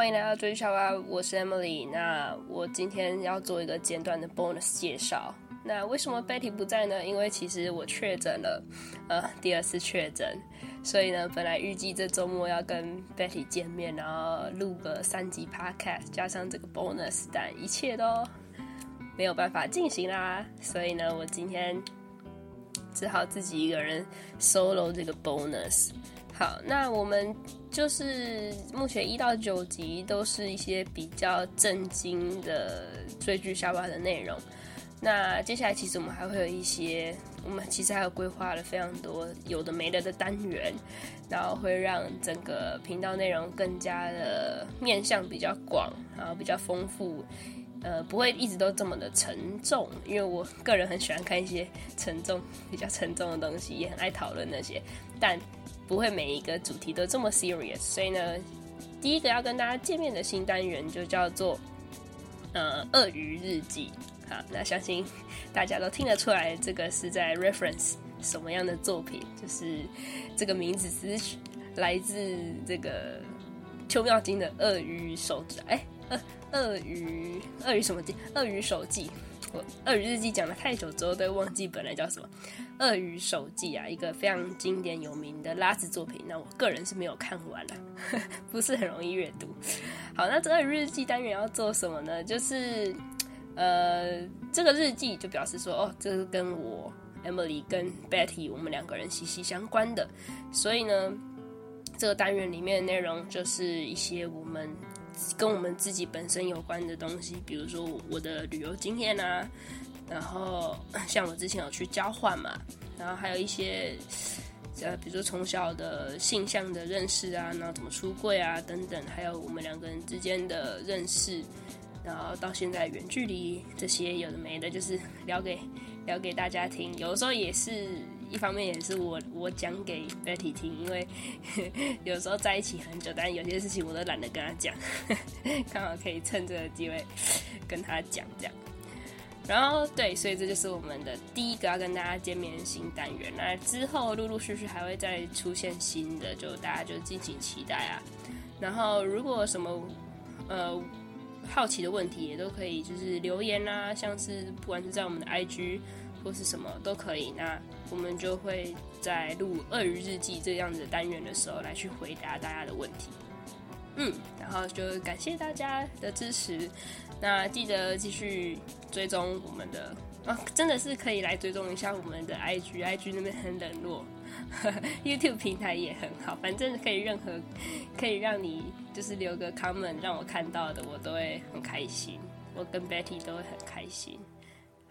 歡迎來到追劇小吧，我是 Emily。那我今天要做一個簡短的 bonus 介紹。那為什麼 Betty 不在呢？因為其實我確診了，呃，第二次確診，所以呢，本來預計這週末要跟 Betty 見面，然後錄個三集 podcast 加上這個 bonus，但一切都沒有辦法進行啦。所以呢，我今天只好自己一個人 solo 這個 bonus。好，那我們就是目前一到九集都是一些比較震驚的追劇笑話的內容。那接下來其實我們還會有一些，我們其實還有規劃了非常多有的沒的的單元，然後會讓整個頻道內容更加的面向比較廣，然後比較豐富，呃，不會一直都這麼的沉重。因為我個人很喜歡看一些沉重、比較沉重的東西，也很愛討論那些，但。不會每一個主題都這麼 serious，所以呢，第一個要跟大家見面的新單元就叫做，呃，鱷魚日記。好，那相信大家都聽得出來，這個是在 reference 什麼樣的作品，就是這個名字是來自這個邱妙津的《鱷魚手記》欸。哎。鱷鱷魚，鱷魚什麼記？鱷魚手記，我鱷魚日記講了太久之後都忘記本來叫什麼。鱷魚手記啊，一個非常經典有名的拉子作品。那我個人是沒有看完了，啊， 不是很容易閱讀。好，那這鱷魚日記單元要做什麼呢？就是呃，這個日記就表示說，哦，這是跟我 Emily 跟 Betty 我們兩個人息息相關的。所以呢，這個單元裡面的內容就是一些我們。跟我們自己本身有關的東西，比如說我的旅遊經驗啊，然後像我之前有去交換嘛，然後還有一些，呃，比如說從小的性向的認識啊，然後怎麼出櫃啊等等，還有我們兩個人之間的認識，然後到現在遠距離這些有的沒的，就是聊給聊給大家聽，有的時候也是。一方面也是我我講給 Betty 聽，因為有時候在一起很久，但有些事情我都懶得跟他講，剛好可以趁這個機會跟他講這樣。然後對，所以這就是我們的第一個要跟大家見面的新單元，那之後陸陸續續還會再出現新的，就大家就敬請期待啊。然後如果有什麼呃好奇的問題也都可以就是留言啊。像是不管是在我們的 IG。或是什麼都可以，那我們就會在錄《鱷魚日記》這樣子單元的時候來去回答大家的問題。嗯，然後就感謝大家的支持，那記得繼續追蹤我們的，啊，真的是可以來追蹤一下我們的 IG，IG IG 那邊很冷落，呵呵，YouTube 平台也很好，反正可以任何可以讓你就是留個 comment 讓我看到的，我都會很開心，我跟 Betty 都會很開心。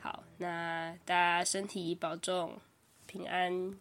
好，那大家身體保重，平安。